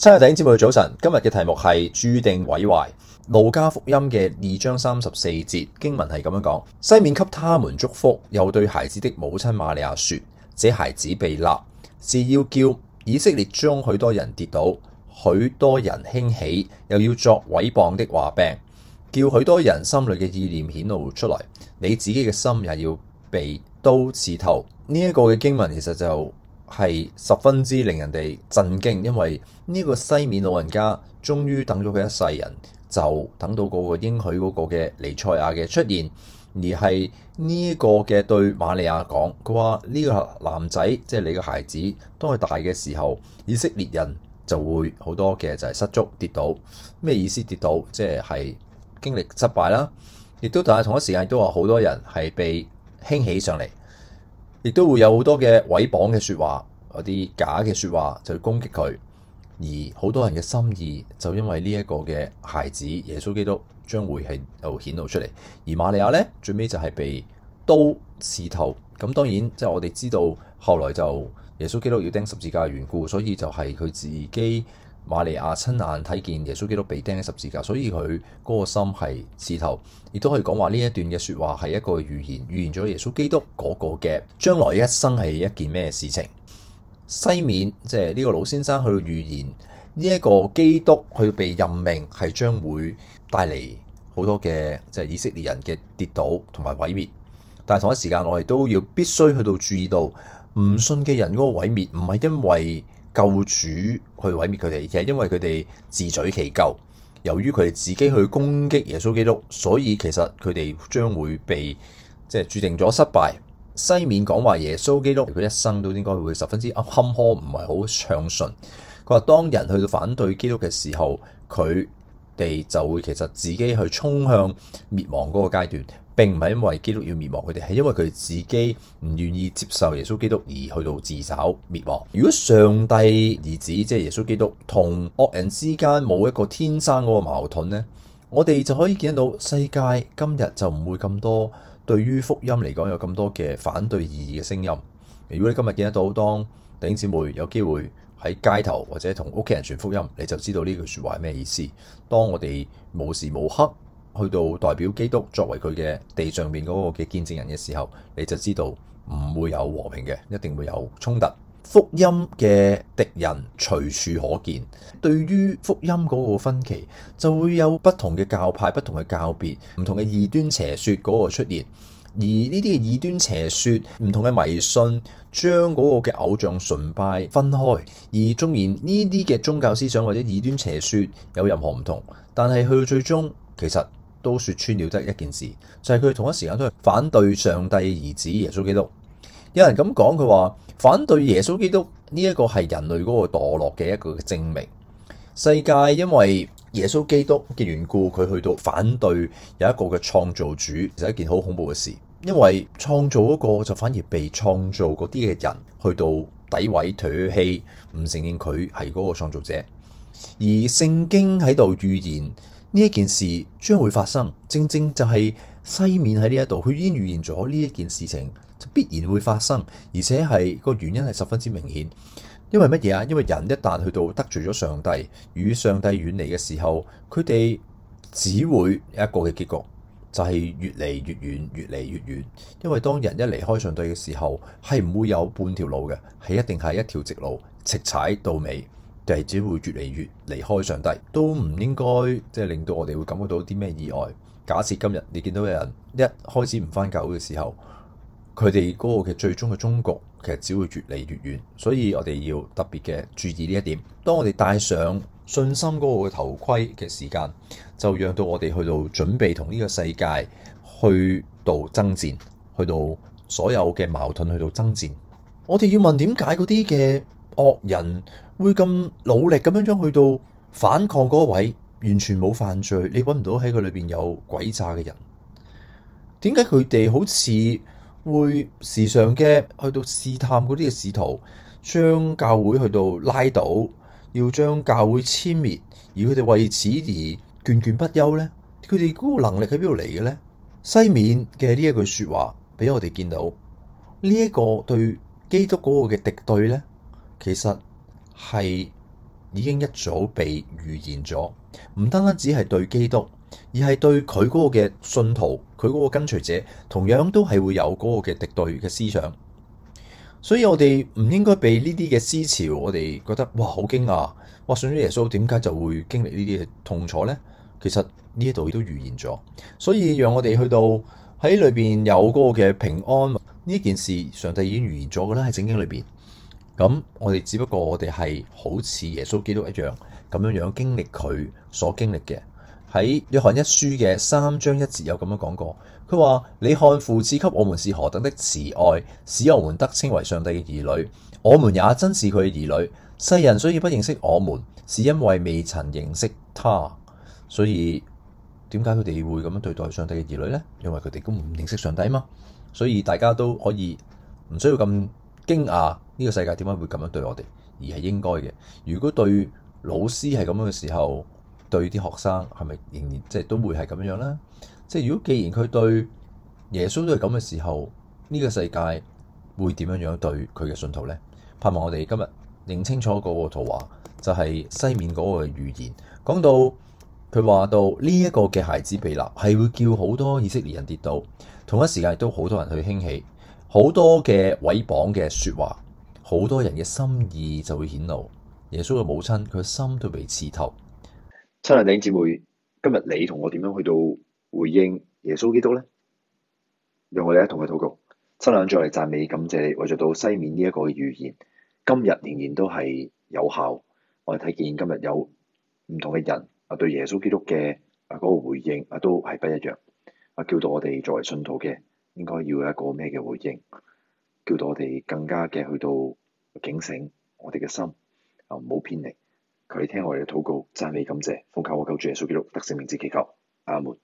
七日電影節目嘅早晨，今日嘅題目係注定毀壞。路加福音嘅二章三十四節經文係咁樣講：西面給他們祝福，又對孩子的母親馬利亞說：這孩子被立，是要叫以色列中許多人跌倒，許多人興起，又要作毀謗的話柄，叫許多人心裏嘅意念顯露出來。你自己嘅心也要被刀刺透。呢、這、一個嘅經文其實就。係十分之令人哋震驚，因為呢個西面老人家終於等咗佢一世人，就等到嗰、那個應許嗰個嘅彌賽亞嘅出現，而係呢個嘅對瑪利亞講，佢話呢個男仔即係你嘅孩子，當佢大嘅時候，以色列人就會好多嘅就係失足跌倒，咩意思跌倒？即係經歷失敗啦，亦都但係同一時間都話好多人係被興起上嚟。亦都會有好多嘅毀謗嘅説話，嗰啲假嘅説話就去攻擊佢，而好多人嘅心意就因為呢一個嘅孩子耶穌基督將會係又顯露出嚟，而馬利亞咧最尾就係被刀刺透。咁當然即係、就是、我哋知道後來就耶穌基督要釘十字架嘅緣故，所以就係佢自己。馬利亞親眼睇見耶穌基督被釘喺十字架，所以佢嗰個心係刺透，亦都可以講話呢一段嘅説話係一個預言，預言咗耶穌基督嗰個嘅將來一生係一件咩事情？西面即係呢個老先生去到預言呢一個基督去被任命，係將會帶嚟好多嘅即係以色列人嘅跌倒同埋毀滅。但係同一時間，我哋都要必須去到注意到，唔信嘅人嗰個毀滅唔係因為。救主去毀滅佢哋，其實因為佢哋自取其咎。由於佢哋自己去攻擊耶穌基督，所以其實佢哋將會被即係注定咗失敗。西面講話耶穌基督，佢一生都應該會十分之坎坷，唔係好暢順。佢話當人去到反對基督嘅時候，佢。地就會其實自己去衝向滅亡嗰個階段，並唔係因為基督要滅亡佢哋，係因為佢自己唔願意接受耶穌基督而去到自找滅亡。如果上帝兒子即係耶穌基督同惡人之間冇一個天生嗰個矛盾呢，我哋就可以見得到世界今日就唔會咁多對於福音嚟講有咁多嘅反對異議嘅聲音。如果你今日見得到當弟兄姊妹有機會。喺街頭或者同屋企人傳福音，你就知道呢句說話係咩意思？當我哋無時無刻去到代表基督作為佢嘅地上面嗰個嘅見證人嘅時候，你就知道唔會有和平嘅，一定會有衝突。福音嘅敵人隨處可見，對於福音嗰個分歧，就會有不同嘅教派、不同嘅教別、唔同嘅異端邪說嗰個出現。而呢啲嘅異端邪説，唔同嘅迷信，將嗰個嘅偶像崇拜分開。而縱然呢啲嘅宗教思想或者異端邪説有任何唔同，但係去到最終，其實都説穿了得一件事，就係、是、佢同一時間都係反對上帝兒子耶穌基督。有人咁講佢話，反對耶穌基督呢一、這個係人類嗰個墮落嘅一個證明。世界因為耶穌基督嘅緣故，佢去到反對有一個嘅創造主，就係一件好恐怖嘅事，因為創造嗰個就反而被創造嗰啲嘅人去到詆毀、唾棄，唔承認佢係嗰個創造者。而聖經喺度預言呢一件事將會發生，正正就係西面喺呢一度，佢已經預言咗呢一件事情就必然會發生，而且係個原因係十分之明顯。因為乜嘢啊？因為人一旦去到得罪咗上帝，與上帝遠離嘅時候，佢哋只會有一個嘅結局，就係、是、越嚟越遠、越嚟越遠。因為當人一離開上帝嘅時候，係唔會有半條路嘅，係一定係一條直路，直踩到尾，就係只會越嚟越離開上帝。都唔應該即係、就是、令到我哋會感覺到啲咩意外。假設今日你見到嘅人一開始唔翻教會嘅時候，佢哋嗰個嘅最終嘅終局。其實只會越嚟越遠，所以我哋要特別嘅注意呢一點。當我哋戴上信心嗰個頭盔嘅時間，就讓到我哋去到準備同呢個世界去到爭戰，去到所有嘅矛盾去到爭戰。我哋要問點解嗰啲嘅惡人會咁努力咁樣將去到反抗嗰位，完全冇犯罪，你搵唔到喺佢裏邊有鬼詐嘅人。點解佢哋好似，會時常嘅去到試探嗰啲嘅使徒，將教會去到拉倒，要將教會殲滅，而佢哋為此而倦倦不休呢？佢哋嗰個能力喺邊度嚟嘅呢？西面嘅呢一句說話俾我哋見到呢一個對基督嗰個嘅敵對呢，其實係已經一早被預言咗，唔單單只係對基督，而係對佢嗰個嘅信徒。佢嗰個跟隨者同樣都係會有嗰個嘅敵對嘅思想，所以我哋唔應該被呢啲嘅思潮，我哋覺得哇好驚訝！哇，信咗耶穌點解就會經歷呢啲嘅痛楚咧？其實呢一度亦都預言咗，所以讓我哋去到喺裏邊有嗰個嘅平安呢件事，上帝已經預言咗㗎喇喺聖經裏邊。咁我哋只不過我哋係好似耶穌基督一樣咁樣樣經歷佢所經歷嘅。喺約翰一書嘅三章一節有咁樣講過，佢話：你看父賜給我們是何等的慈愛，使我們得稱為上帝嘅兒女，我們也真是佢嘅兒女。世人所以不認識我們，是因為未曾認識他。所以點解佢哋會咁樣對待上帝嘅兒女呢？因為佢哋根本唔認識上帝嘛。所以大家都可以唔需要咁驚訝呢個世界點解會咁樣對我哋，而係應該嘅。如果對老師係咁樣嘅時候，對啲學生係咪仍然即係都會係咁樣樣咧？即係如果既然佢對耶穌都係咁嘅時候，呢、這個世界會點樣樣對佢嘅信徒咧？盼望我哋今日認清楚嗰個圖畫，就係、是、西面嗰個預言講到佢話到呢一、這個嘅孩子被立，係會叫好多以色列人跌倒，同一時間亦都好多人去興起，好多嘅毀謗嘅説話，好多人嘅心意就會顯露。耶穌嘅母親佢心都被刺透。親愛弟兄姐妹，今日你同我點樣去到回應耶穌基督咧？讓我哋一同去禱告。親愛，再嚟讚美、感謝你，為咗到西面呢一個預言，今日仍然都係有效。我哋睇見今日有唔同嘅人啊，對耶穌基督嘅啊嗰個回應啊，都係不一樣。啊，叫到我哋作為信徒嘅，應該要有一個咩嘅回應？叫到我哋更加嘅去到警醒我哋嘅心啊，唔好偏離。求你聽我哋嘅禱告，讚美感謝，奉靠我救主耶穌基督得勝名字祈求，阿門。